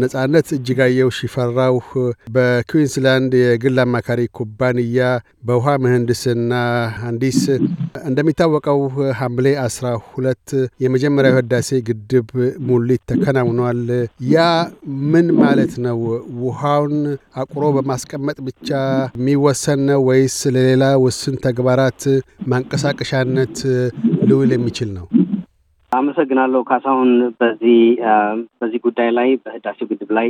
ነጻነት እጅጋየው ሺፈራው በኩዊንስላንድ የግል አማካሪ ኩባንያ በውሃ ምህንድስና አንዲስ። እንደሚታወቀው ሐምሌ አስራ ሁለት የመጀመሪያው ህዳሴ ግድብ ሙሊት ተከናውኗል። ያ ምን ማለት ነው? ውሃውን አቁሮ በማስቀመጥ ብቻ የሚወሰን ነው ወይስ ለሌላ ውስን ተግባራት ማንቀሳቀሻነት ልውል የሚችል ነው? አመሰግናለሁ ካሳሁን። በዚህ በዚህ ጉዳይ ላይ በህዳሴ ግድብ ላይ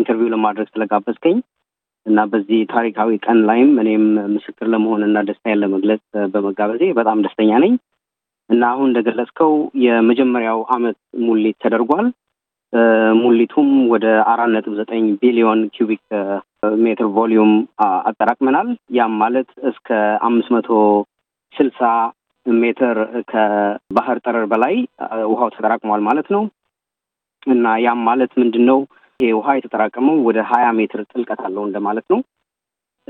ኢንተርቪው ለማድረግ ስለጋበዝከኝ እና በዚህ ታሪካዊ ቀን ላይም እኔም ምስክር ለመሆን እና ደስታዬን ለመግለጽ በመጋበዜ በጣም ደስተኛ ነኝ እና አሁን እንደገለጽከው የመጀመሪያው አመት ሙሊት ተደርጓል። ሙሊቱም ወደ አራት ነጥብ ዘጠኝ ቢሊዮን ኪቢክ ሜትር ቮሊዩም አጠራቅመናል። ያም ማለት እስከ አምስት መቶ ስልሳ ሜትር ከባህር ጠረር በላይ ውሃው ተጠራቅሟል ማለት ነው እና ያም ማለት ምንድን ነው? ይሄ ውሃ የተጠራቀመው ወደ ሀያ ሜትር ጥልቀት አለው እንደማለት ነው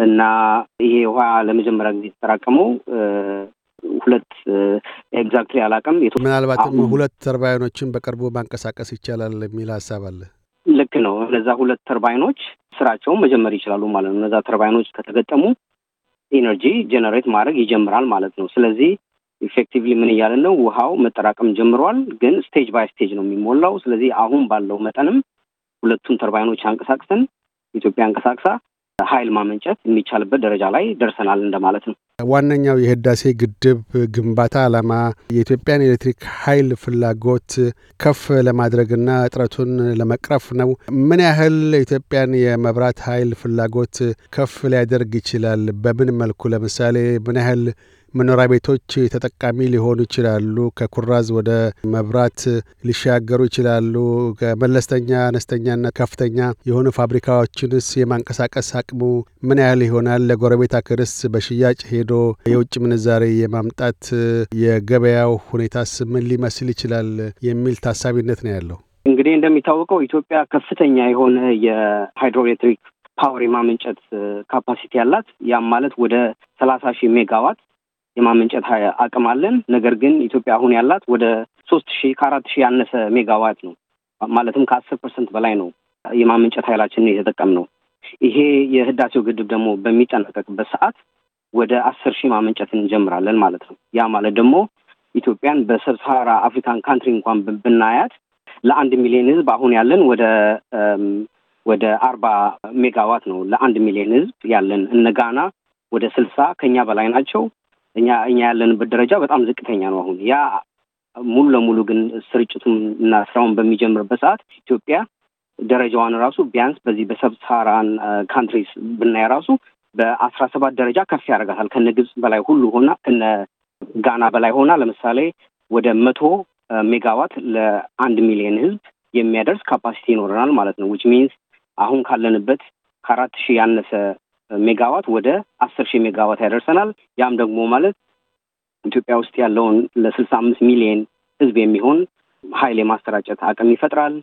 እና ይሄ ውሃ ለመጀመሪያ ጊዜ የተጠራቀመው ሁለት ኤግዛክትሊ አላውቅም። ምናልባትም ሁለት ተርባይኖችን በቅርቡ ማንቀሳቀስ ይቻላል የሚል ሀሳብ አለ። ልክ ነው። እነዛ ሁለት ተርባይኖች ስራቸውን መጀመር ይችላሉ ማለት ነው። እነዛ ተርባይኖች ከተገጠሙ ኢነርጂ ጀነሬት ማድረግ ይጀምራል ማለት ነው። ስለዚህ ኢፌክቲቭሊ ምን እያለን ነው? ውሃው መጠራቀም ጀምሯል፣ ግን ስቴጅ ባይ ስቴጅ ነው የሚሞላው። ስለዚህ አሁን ባለው መጠንም ሁለቱን ተርባይኖች አንቀሳቅሰን ኢትዮጵያ አንቀሳቅሳ ኃይል ማመንጨት የሚቻልበት ደረጃ ላይ ደርሰናል እንደማለት ነው። ዋነኛው የህዳሴ ግድብ ግንባታ ዓላማ የኢትዮጵያን ኤሌክትሪክ ኃይል ፍላጎት ከፍ ለማድረግና እጥረቱን ለመቅረፍ ነው። ምን ያህል ኢትዮጵያን የመብራት ኃይል ፍላጎት ከፍ ሊያደርግ ይችላል? በምን መልኩ ለምሳሌ ምን ያህል መኖሪያ ቤቶች ተጠቃሚ ሊሆኑ ይችላሉ። ከኩራዝ ወደ መብራት ሊሻገሩ ይችላሉ። ከመለስተኛ አነስተኛና ከፍተኛ የሆኑ ፋብሪካዎችንስ የማንቀሳቀስ አቅሙ ምን ያህል ይሆናል? ለጎረቤት አክርስ በሽያጭ ሄዶ የውጭ ምንዛሬ የማምጣት የገበያው ሁኔታስ ምን ሊመስል ይችላል የሚል ታሳቢነት ነው ያለው። እንግዲህ እንደሚታወቀው ኢትዮጵያ ከፍተኛ የሆነ የሃይድሮኤሌክትሪክ ፓወር የማመንጨት ካፓሲቲ ያላት ያም ማለት ወደ ሰላሳ ሺህ ሜጋዋት የማመንጨት አቅም አለን። ነገር ግን ኢትዮጵያ አሁን ያላት ወደ ሶስት ሺህ ከአራት ሺህ ያነሰ ሜጋዋት ነው። ማለትም ከአስር ፐርሰንት በላይ ነው የማመንጨት ኃይላችንን ነው ይሄ የህዳሴው ግድብ ደግሞ በሚጠናቀቅበት ሰዓት ወደ አስር ሺህ ማመንጨት እንጀምራለን ማለት ነው። ያ ማለት ደግሞ ኢትዮጵያን በሰብሳራ አፍሪካን ካንትሪ እንኳን ብናያት ለአንድ ሚሊዮን ህዝብ አሁን ያለን ወደ ወደ አርባ ሜጋዋት ነው ለአንድ ሚሊዮን ህዝብ ያለን። እነ ጋና ወደ ስልሳ ከኛ በላይ ናቸው። እኛ እኛ ያለንበት ደረጃ በጣም ዝቅተኛ ነው። አሁን ያ ሙሉ ለሙሉ ግን ስርጭቱን እና ስራውን በሚጀምርበት ሰዓት ኢትዮጵያ ደረጃዋን ራሱ ቢያንስ በዚህ በሰብሳራን ካንትሪስ ብናይ ራሱ በአስራ ሰባት ደረጃ ከፍ ያደርጋታል። ከነ ግብፅ በላይ ሁሉ ሆና ከነ ጋና በላይ ሆና ለምሳሌ ወደ መቶ ሜጋዋት ለአንድ ሚሊዮን ህዝብ የሚያደርስ ካፓሲቲ ይኖረናል ማለት ነው። ዊች ሚንስ አሁን ካለንበት ከአራት ሺህ ያነሰ ሜጋዋት ወደ አስር ሺህ ሜጋዋት ያደርሰናል። ያም ደግሞ ማለት ኢትዮጵያ ውስጥ ያለውን ለስልሳ አምስት ሚሊየን ህዝብ የሚሆን ኃይል የማሰራጨት አቅም ይፈጥራል።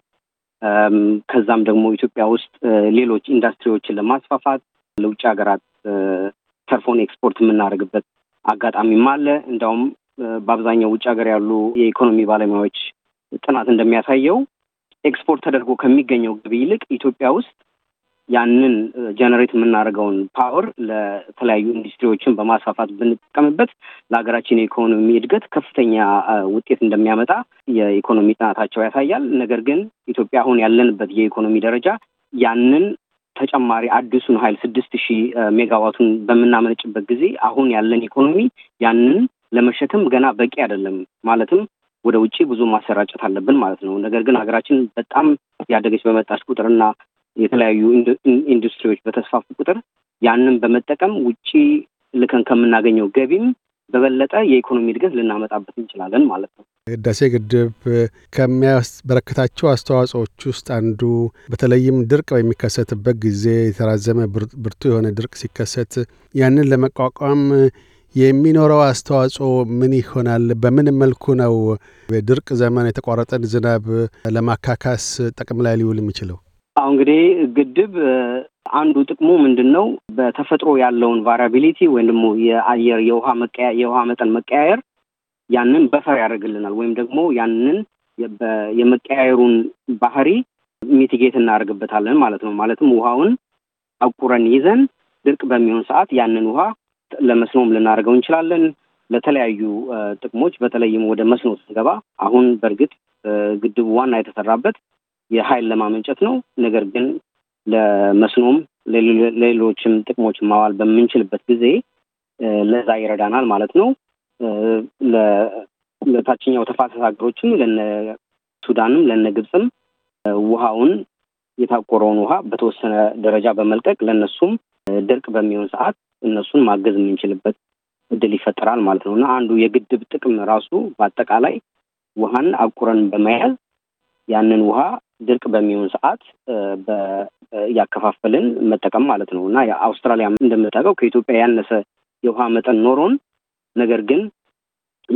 ከዛም ደግሞ ኢትዮጵያ ውስጥ ሌሎች ኢንዱስትሪዎችን ለማስፋፋት ለውጭ ሀገራት ተርፎን ኤክስፖርት የምናደርግበት አጋጣሚም አለ። እንዲያውም በአብዛኛው ውጭ ሀገር ያሉ የኢኮኖሚ ባለሙያዎች ጥናት እንደሚያሳየው ኤክስፖርት ተደርጎ ከሚገኘው ገቢ ይልቅ ኢትዮጵያ ውስጥ ያንን ጀነሬት የምናደርገውን ፓወር ለተለያዩ ኢንዱስትሪዎችን በማስፋፋት ብንጠቀምበት ለሀገራችን የኢኮኖሚ እድገት ከፍተኛ ውጤት እንደሚያመጣ የኢኮኖሚ ጥናታቸው ያሳያል። ነገር ግን ኢትዮጵያ አሁን ያለንበት የኢኮኖሚ ደረጃ ያንን ተጨማሪ አዲሱን ኃይል ስድስት ሺህ ሜጋዋቱን በምናመነጭበት ጊዜ አሁን ያለን ኢኮኖሚ ያንን ለመሸከም ገና በቂ አይደለም። ማለትም ወደ ውጭ ብዙ ማሰራጨት አለብን ማለት ነው። ነገር ግን ሀገራችን በጣም ያደገች በመጣች ቁጥርና የተለያዩ ኢንዱስትሪዎች በተስፋፉ ቁጥር ያንን በመጠቀም ውጪ ልከን ከምናገኘው ገቢም በበለጠ የኢኮኖሚ እድገት ልናመጣበት እንችላለን ማለት ነው። ህዳሴ ግድብ ከሚያበረክታቸው አስተዋጽኦዎች ውስጥ አንዱ በተለይም ድርቅ በሚከሰትበት ጊዜ የተራዘመ ብርቱ የሆነ ድርቅ ሲከሰት ያንን ለመቋቋም የሚኖረው አስተዋጽኦ ምን ይሆናል? በምን መልኩ ነው በድርቅ ዘመን የተቋረጠን ዝናብ ለማካካስ ጥቅም ላይ ሊውል የሚችለው? አሁ እንግዲህ ግድብ አንዱ ጥቅሙ ምንድን ነው? በተፈጥሮ ያለውን ቫሪያቢሊቲ ወይም ደግሞ የአየር የውሃ መቀያ የውሃ መጠን መቀያየር ያንን በፈር ያደርግልናል ወይም ደግሞ ያንን የመቀያየሩን ባህሪ ሚቲጌት እናደርግበታለን ማለት ነው። ማለትም ውሃውን አቁረን ይዘን ድርቅ በሚሆን ሰዓት ያንን ውሃ ለመስኖም ልናደርገው እንችላለን። ለተለያዩ ጥቅሞች በተለይም ወደ መስኖ ስንገባ አሁን በእርግጥ ግድቡ ዋና የተሰራበት የሀይል ለማመንጨት ነው። ነገር ግን ለመስኖም ለሌሎችም ጥቅሞች ማዋል በምንችልበት ጊዜ ለዛ ይረዳናል ማለት ነው። ለታችኛው ተፋሰስ ሀገሮችም ለነ ሱዳንም ለነ ግብፅም ውሃውን የታቆረውን ውሃ በተወሰነ ደረጃ በመልቀቅ ለእነሱም ድርቅ በሚሆን ሰዓት እነሱን ማገዝ የምንችልበት እድል ይፈጠራል ማለት ነው እና አንዱ የግድብ ጥቅም ራሱ በአጠቃላይ ውሃን አቁረን በመያዝ ያንን ውሃ ድርቅ በሚሆን ሰዓት እያከፋፈልን መጠቀም ማለት ነው እና አውስትራሊያ እንደምታውቀው ከኢትዮጵያ ያነሰ የውሃ መጠን ኖሮን ነገር ግን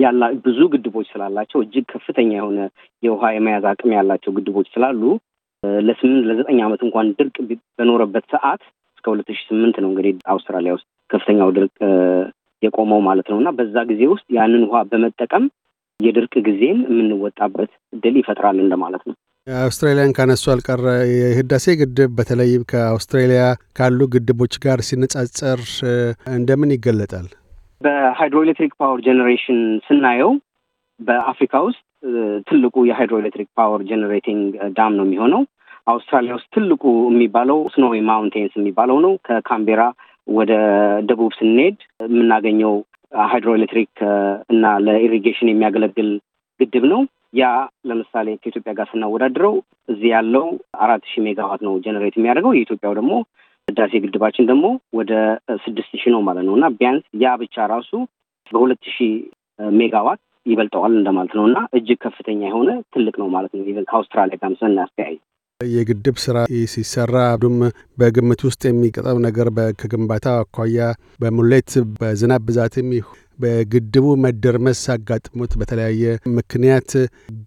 ያላ ብዙ ግድቦች ስላላቸው እጅግ ከፍተኛ የሆነ የውሃ የመያዝ አቅም ያላቸው ግድቦች ስላሉ ለስምንት ለዘጠኝ ዓመት እንኳን ድርቅ በኖረበት ሰዓት እስከ ሁለት ሺ ስምንት ነው እንግዲህ አውስትራሊያ ውስጥ ከፍተኛው ድርቅ የቆመው ማለት ነው እና በዛ ጊዜ ውስጥ ያንን ውሃ በመጠቀም የድርቅ ጊዜን የምንወጣበት ድል ይፈጥራል እንደማለት ነው። አውስትራሊያን ካነሱ አልቀረ የህዳሴ ግድብ በተለይም ከአውስትራሊያ ካሉ ግድቦች ጋር ሲነጻጸር እንደምን ይገለጣል? በሃይድሮኤሌክትሪክ ፓወር ጀኔሬሽን ስናየው በአፍሪካ ውስጥ ትልቁ የሃይድሮኤሌክትሪክ ፓወር ጀኔሬቲንግ ዳም ነው የሚሆነው። አውስትራሊያ ውስጥ ትልቁ የሚባለው ስኖዊ ማውንቴንስ የሚባለው ነው። ከካምቤራ ወደ ደቡብ ስንሄድ የምናገኘው ሃይድሮኤሌክትሪክ እና ለኢሪጌሽን የሚያገለግል ግድብ ነው። ያ ለምሳሌ ከኢትዮጵያ ጋር ስናወዳድረው እዚህ ያለው አራት ሺህ ሜጋዋት ነው ጀነሬት የሚያደርገው የኢትዮጵያው ደግሞ ህዳሴ ግድባችን ደግሞ ወደ ስድስት ሺህ ነው ማለት ነው እና ቢያንስ ያ ብቻ ራሱ በሁለት ሺህ ሜጋዋት ይበልጠዋል እንደማለት ነው እና እጅግ ከፍተኛ የሆነ ትልቅ ነው ማለት ነው ከአውስትራሊያ ጋር ስናስተያይ የግድብ ስራ ሲሰራ ዱም በግምት ውስጥ የሚገጠም ነገር ከግንባታ አኳያ በሙሌት በዝናብ ብዛትም በግድቡ መደርመስ አጋጥሞት በተለያየ ምክንያት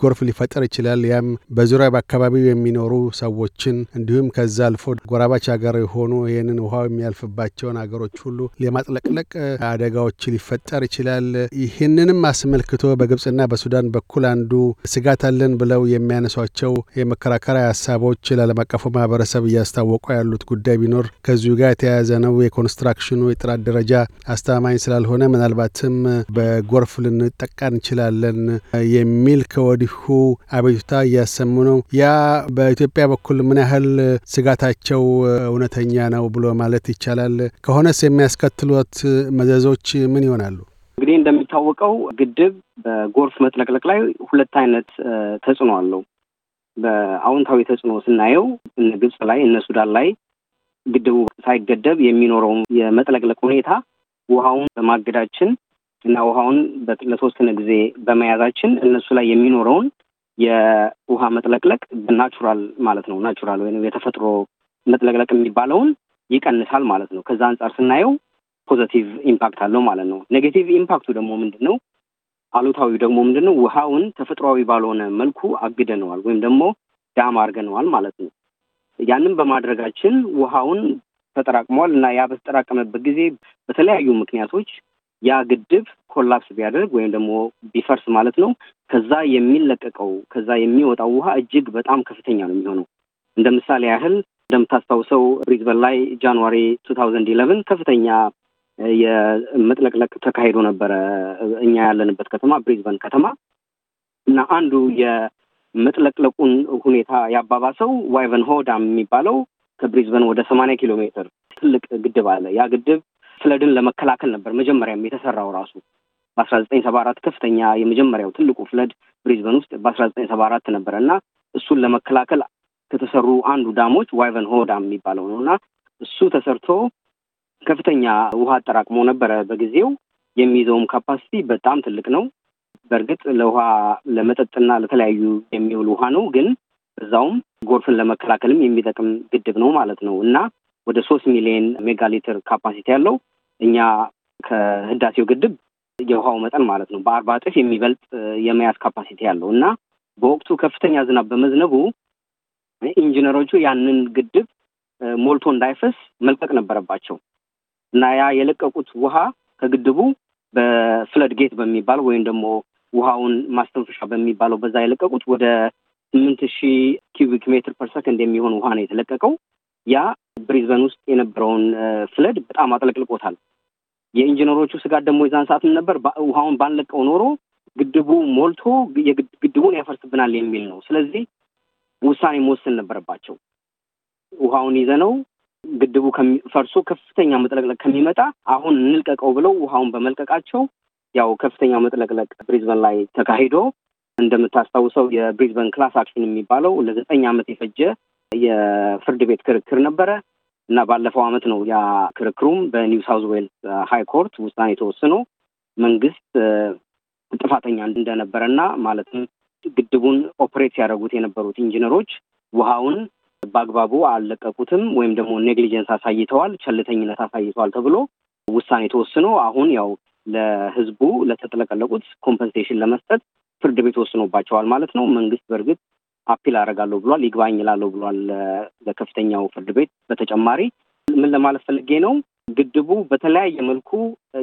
ጎርፍ ሊፈጠር ይችላል። ያም በዙሪያ በአካባቢው የሚኖሩ ሰዎችን እንዲሁም ከዛ አልፎ ጎራባች ሀገር የሆኑ ይህንን ውሃው የሚያልፍባቸውን ሀገሮች ሁሉ ለማጥለቅለቅ አደጋዎች ሊፈጠር ይችላል። ይህንንም አስመልክቶ በግብጽና በሱዳን በኩል አንዱ ስጋት አለን ብለው የሚያነሷቸው የመከራከሪያ ሀሳቦች ለዓለም አቀፉ ማህበረሰብ እያስታወቁ ያሉት ጉዳይ ቢኖር ከዚሁ ጋር የተያያዘ ነው። የኮንስትራክሽኑ የጥራት ደረጃ አስተማማኝ ስላልሆነ ምናልባት ምናልባትም በጎርፍ ልንጠቃ እንችላለን የሚል ከወዲሁ አቤቱታ እያሰሙ ነው። ያ በኢትዮጵያ በኩል ምን ያህል ስጋታቸው እውነተኛ ነው ብሎ ማለት ይቻላል? ከሆነስ የሚያስከትሉት መዘዞች ምን ይሆናሉ? እንግዲህ እንደሚታወቀው ግድብ በጎርፍ መጥለቅለቅ ላይ ሁለት አይነት ተጽዕኖ አለው። በአዎንታዊ ተጽዕኖ ስናየው እነ ግብጽ ላይ እነ ሱዳን ላይ ግድቡ ሳይገደብ የሚኖረውን የመጥለቅለቅ ሁኔታ ውሃውን በማገዳችን እና ውሃውን ለተወሰነ ጊዜ በመያዛችን እነሱ ላይ የሚኖረውን የውሃ መጥለቅለቅ ናቹራል ማለት ነው ናቹራል ወይም የተፈጥሮ መጥለቅለቅ የሚባለውን ይቀንሳል ማለት ነው። ከዛ አንጻር ስናየው ፖዘቲቭ ኢምፓክት አለው ማለት ነው። ኔጌቲቭ ኢምፓክቱ ደግሞ ምንድን ነው? አሉታዊ ደግሞ ምንድን ነው? ውሃውን ተፈጥሯዊ ባልሆነ መልኩ አግደነዋል ወይም ደግሞ ዳም አድርገነዋል ማለት ነው። ያንን በማድረጋችን ውሃውን ተጠራቅመዋል እና ያ በተጠራቀመበት ጊዜ በተለያዩ ምክንያቶች ያ ግድብ ኮላፕስ ቢያደርግ ወይም ደግሞ ቢፈርስ ማለት ነው ከዛ የሚለቀቀው ከዛ የሚወጣው ውሃ እጅግ በጣም ከፍተኛ ነው የሚሆነው። እንደ ምሳሌ ያህል እንደምታስታውሰው ብሪዝበን ላይ ጃንዋሪ ቱ ታውዘንድ ኢለቨን ከፍተኛ የመጥለቅለቅ ተካሂዶ ነበረ። እኛ ያለንበት ከተማ ብሪዝበን ከተማ እና አንዱ የመጥለቅለቁን ሁኔታ ያባባሰው ዋይቨን ዳም የሚባለው ከብሪዝበን ወደ ሰማኒያ ኪሎ ሜትር ትልቅ ግድብ አለ። ያ ግድብ ፍለድን ለመከላከል ነበር መጀመሪያም የተሰራው ራሱ በአስራ ዘጠኝ ሰባ አራት ከፍተኛ የመጀመሪያው ትልቁ ፍለድ ብሪዝበን ውስጥ በአስራ ዘጠኝ ሰባ አራት ነበረ እና እሱን ለመከላከል ከተሰሩ አንዱ ዳሞች ዋይቨን ሆ ዳም የሚባለው ነው እና እሱ ተሰርቶ ከፍተኛ ውሃ አጠራቅሞ ነበረ በጊዜው። የሚይዘውም ካፓሲቲ በጣም ትልቅ ነው። በእርግጥ ለውሃ ለመጠጥና ለተለያዩ የሚውል ውሃ ነው፣ ግን እዛውም ጎርፍን ለመከላከልም የሚጠቅም ግድብ ነው ማለት ነው እና ወደ ሶስት ሚሊዮን ሜጋ ሊትር ካፓሲቲ ያለው እኛ ከህዳሴው ግድብ የውሃው መጠን ማለት ነው በአርባ እጥፍ የሚበልጥ የመያዝ ካፓሲቲ ያለው እና በወቅቱ ከፍተኛ ዝናብ በመዝነቡ ኢንጂነሮቹ ያንን ግድብ ሞልቶ እንዳይፈስ መልቀቅ ነበረባቸው እና ያ የለቀቁት ውሃ ከግድቡ በፍለድ ጌት በሚባል ወይም ደግሞ ውሃውን ማስተንፈሻ በሚባለው በዛ የለቀቁት ወደ ስምንት ሺ ኪዩቢክ ሜትር ፐር ሰከንድ የሚሆን ውሃ ነው የተለቀቀው። ያ ብሪዝበን ውስጥ የነበረውን ፍለድ በጣም አጥለቅልቆታል። የኢንጂነሮቹ ስጋት ደግሞ የዛን ሰዓትም ነበር ውሃውን ባንለቀው ኖሮ ግድቡ ሞልቶ ግድቡን ያፈርስብናል የሚል ነው። ስለዚህ ውሳኔ መወሰን ነበረባቸው። ውሃውን ይዘነው ግድቡ ፈርሶ ከፍተኛ መጥለቅለቅ ከሚመጣ አሁን እንልቀቀው ብለው ውሃውን በመልቀቃቸው ያው ከፍተኛ መጥለቅለቅ ብሪዝበን ላይ ተካሂዶ እንደምታስታውሰው የብሪዝበን ክላስ አክሽን የሚባለው ለዘጠኝ ዓመት የፈጀ የፍርድ ቤት ክርክር ነበረ። እና ባለፈው አመት ነው ያ ክርክሩም በኒው ሳውዝ ዌልስ ሃይኮርት ኮርት ውሳኔ ተወስኖ መንግስት ጥፋተኛ እንደነበረ እና ማለትም ግድቡን ኦፕሬት ሲያደርጉት የነበሩት ኢንጂነሮች ውሃውን በአግባቡ አልለቀቁትም ወይም ደግሞ ኔግሊጀንስ አሳይተዋል፣ ቸልተኝነት አሳይተዋል ተብሎ ውሳኔ ተወስኖ አሁን ያው ለህዝቡ ለተጥለቀለቁት ኮምፐንሴሽን ለመስጠት ፍርድ ቤት ወስኖባቸዋል ማለት ነው። መንግስት በእርግጥ አፒል አደርጋለሁ ብሏል፣ ይግባኝ እላለሁ ብሏል ለከፍተኛው ፍርድ ቤት። በተጨማሪ ምን ለማለት ፈልጌ ነው፣ ግድቡ በተለያየ መልኩ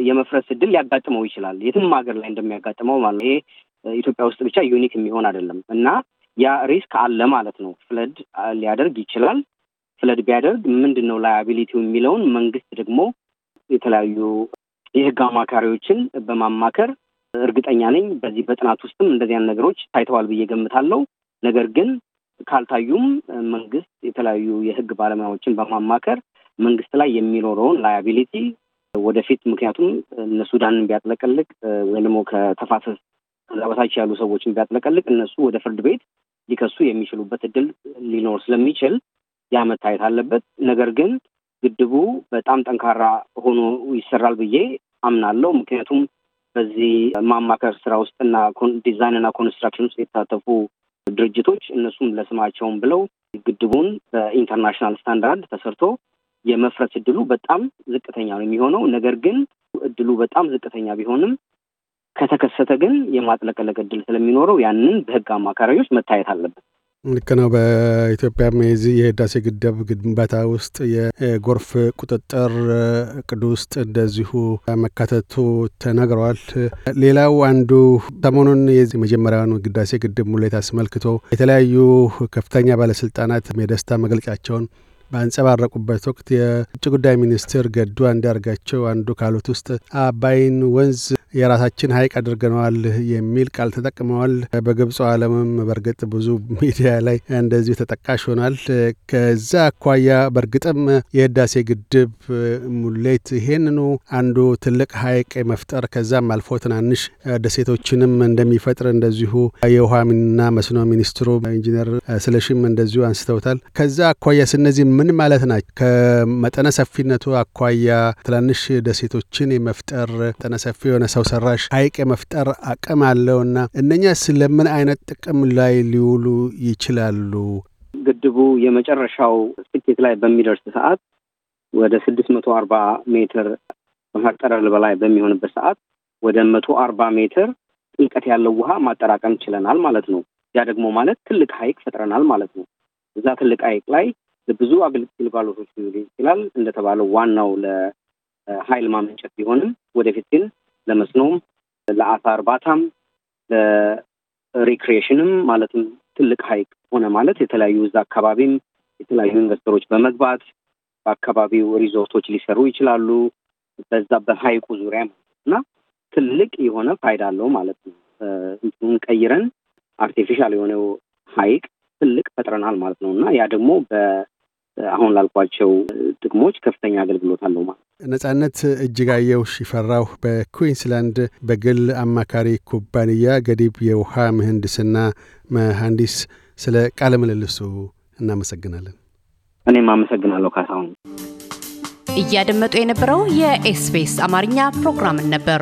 የመፍረስ እድል ሊያጋጥመው ይችላል፣ የትም ሀገር ላይ እንደሚያጋጥመው ማለት ነው። ይሄ ኢትዮጵያ ውስጥ ብቻ ዩኒክ የሚሆን አይደለም እና ያ ሪስክ አለ ማለት ነው። ፍለድ ሊያደርግ ይችላል። ፍለድ ቢያደርግ ምንድን ነው ላያቢሊቲው የሚለውን መንግስት ደግሞ የተለያዩ የህግ አማካሪዎችን በማማከር እርግጠኛ ነኝ በዚህ በጥናት ውስጥም እንደዚያን ነገሮች ታይተዋል ብዬ ገምታለሁ። ነገር ግን ካልታዩም መንግስት የተለያዩ የህግ ባለሙያዎችን በማማከር መንግስት ላይ የሚኖረውን ላያቢሊቲ ወደፊት ምክንያቱም እነ ሱዳንን ቢያጥለቀልቅ ወይም ደግሞ ከተፋሰስ ከዛ ያሉ ሰዎችን ቢያጥለቀልቅ እነሱ ወደ ፍርድ ቤት ሊከሱ የሚችሉበት እድል ሊኖር ስለሚችል ያ መታየት አለበት። ነገር ግን ግድቡ በጣም ጠንካራ ሆኖ ይሰራል ብዬ አምናለሁ። ምክንያቱም በዚህ ማማከር ስራ ውስጥ እና ዲዛይን እና ኮንስትራክሽን ውስጥ የተሳተፉ ድርጅቶች እነሱም ለስማቸውም ብለው ግድቡን በኢንተርናሽናል ስታንዳርድ ተሰርቶ የመፍረስ እድሉ በጣም ዝቅተኛ ነው የሚሆነው። ነገር ግን እድሉ በጣም ዝቅተኛ ቢሆንም ከተከሰተ ግን የማጥለቀለቅ እድል ስለሚኖረው ያንን በህግ አማካሪዎች መታየት አለበት። ልክ ነው። በኢትዮጵያም የዚህ የህዳሴ ግደብ ግንባታ ውስጥ የጎርፍ ቁጥጥር እቅድ ውስጥ እንደዚሁ መካተቱ ተነግረዋል። ሌላው አንዱ ሰሞኑን የዚህ መጀመሪያውን ህዳሴ ግድብ ሙሌት አስመልክቶ የተለያዩ ከፍተኛ ባለስልጣናት የደስታ መግለጫቸውን ባንጸባረቁበት ወቅት የውጭ ጉዳይ ሚኒስትር ገዱ አንዳርጋቸው አንዱ ካሉት ውስጥ አባይን ወንዝ የራሳችን ሀይቅ አድርገነዋል የሚል ቃል ተጠቅመዋል። በግብፁ ዓለምም በእርግጥ ብዙ ሚዲያ ላይ እንደዚሁ ተጠቃሽ ሆኗል። ከዛ አኳያ በእርግጥም የህዳሴ ግድብ ሙሌት ይሄንኑ አንዱ ትልቅ ሀይቅ መፍጠር ከዛም አልፎ ትናንሽ ደሴቶችንም እንደሚፈጥር እንደዚሁ የውሃና መስኖ ሚኒስትሩ ኢንጂነር ስለሽም እንደዚሁ አንስተውታል። ከዛ አኳያ ስነዚህ ምን ማለት ናቸው? ከመጠነ ሰፊነቱ አኳያ ትናንሽ ደሴቶችን የመፍጠር መጠነ ሰፊ የሆነ ሰው ሰራሽ ሀይቅ የመፍጠር አቅም አለው እና እነኛ ስለምን አይነት ጥቅም ላይ ሊውሉ ይችላሉ? ግድቡ የመጨረሻው ስኬት ላይ በሚደርስ ሰዓት ወደ ስድስት መቶ አርባ ሜትር ባህር ጠለል በላይ በሚሆንበት ሰዓት ወደ መቶ አርባ ሜትር ጥልቀት ያለው ውሃ ማጠራቀም ችለናል ማለት ነው። ያ ደግሞ ማለት ትልቅ ሀይቅ ፈጥረናል ማለት ነው። እዛ ትልቅ ሀይቅ ላይ ብዙ አገልግሎቶች ሊውል ይችላል። እንደተባለው ዋናው ለኃይል ማመንጨት ቢሆንም ወደፊት ግን ለመስኖም፣ ለአሳ እርባታም፣ ለሪክሬሽንም ማለትም ትልቅ ሀይቅ ሆነ ማለት የተለያዩ እዛ አካባቢም የተለያዩ ኢንቨስተሮች በመግባት በአካባቢው ሪዞርቶች ሊሰሩ ይችላሉ። በዛ በሀይቁ ዙሪያ እና ትልቅ የሆነ ፋይዳ አለው ማለት ነው። እንትኑን ቀይረን አርቲፊሻል የሆነው ሀይቅ ትልቅ ፈጥረናል ማለት ነው እና ያ ደግሞ አሁን ላልኳቸው ጥቅሞች ከፍተኛ አገልግሎት አለው ማለት ነጻነት እጅጋየሁ ሽፈራው በኩዊንስላንድ በግል አማካሪ ኩባንያ ገዲብ የውሃ ምህንድስና መሐንዲስ ስለ ቃለ ምልልሱ እናመሰግናለን እኔም አመሰግናለሁ ካሳሁን እያደመጡ የነበረው የኤስፔስ አማርኛ ፕሮግራምን ነበር